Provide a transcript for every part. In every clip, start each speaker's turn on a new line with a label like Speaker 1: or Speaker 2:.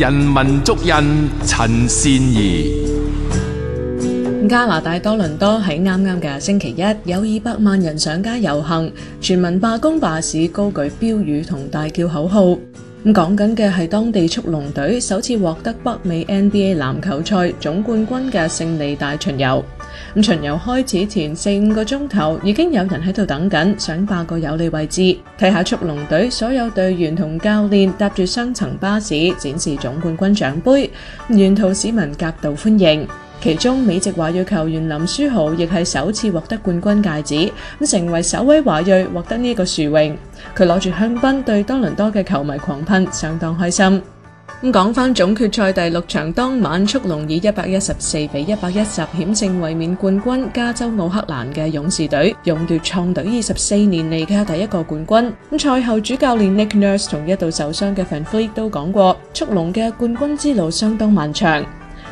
Speaker 1: 人文足印，陳善宜，加拿大多倫多喺啱啱嘅星期一有二百萬人上街遊行，全民罷工罷市，高舉標語同大叫口號。咁講緊嘅係當地速龍隊首次獲得北美 NBA 籃球賽總冠軍嘅勝利大巡遊。巡遊開始前四五個鐘頭，已經有人喺度等緊，想霸個有利位置，睇下速龍隊所有隊員同教練搭住雙層巴士展示總冠軍獎杯。沿途市民夾道歡迎，其中美籍華裔球員林書豪亦係首次獲得冠軍戒指，咁成為首位華裔獲得呢個殊榮。佢攞住香檳對多倫多嘅球迷狂噴，相當開心。咁講翻總決賽第六場當晚，速龍以一百一十四比一百一十險勝衛冕冠軍加州奧克蘭嘅勇士隊，勇奪創隊二十四年嚟嘅第一個冠軍。賽後主教練 Nick Nurse 同一度受傷嘅 VanVleet 都講過，速龍嘅冠軍之路相當漫長。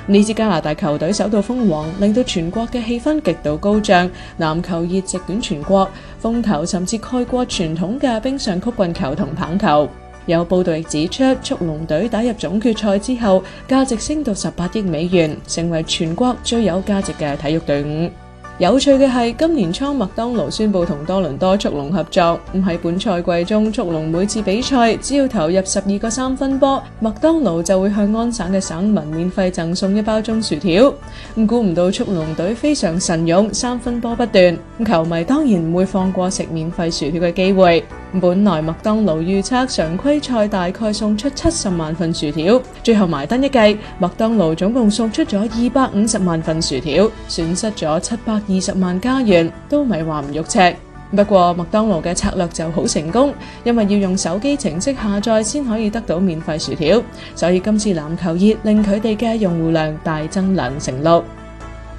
Speaker 1: 呢支加拿大球隊首度封王，令到全國嘅氣氛極度高漲，籃球熱席捲全國，風球甚至蓋過傳統嘅冰上曲棍球同棒球。有報道亦指出，速龍隊打入總決賽之後，價值升到十八億美元，成為全國最有價值嘅體育隊伍。有趣嘅係，今年初麥當勞宣布同多倫多速龍合作，咁喺本賽季中，速龍每次比賽只要投入十二個三分波，麥當勞就會向安省嘅省民免費贈送一包中薯條。咁估唔到速龍隊非常神勇，三分波不斷，咁球迷當然唔會放過食免費薯條嘅機會。本來麥當勞預測常規賽大概送出七十萬份薯條，最後埋單一計，麥當勞總共送出咗二百五十萬份薯條，損失咗七百二十萬加元，都咪話唔肉赤。不過麥當勞嘅策略就好成功，因為要用手機程式下載先可以得到免費薯條，所以今次籃球熱令佢哋嘅用戶量大增兩成六。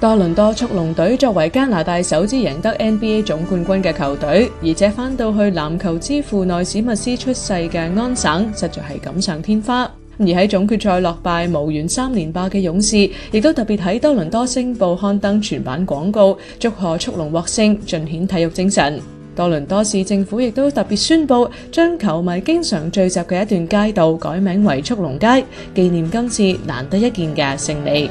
Speaker 1: 多倫多速龍隊作為加拿大首支贏得 NBA 總冠軍嘅球隊，而且翻到去籃球之父奈史密斯出世嘅安省，實在係錦上添花。而喺總決賽落敗無緣三連霸嘅勇士，亦都特別喺多倫多星報刊登全版廣告，祝賀速龍獲勝，盡顯體育精神。多倫多市政府亦都特別宣布，將球迷經常聚集嘅一段街道改名為速龍街，紀念今次難得一見嘅勝利。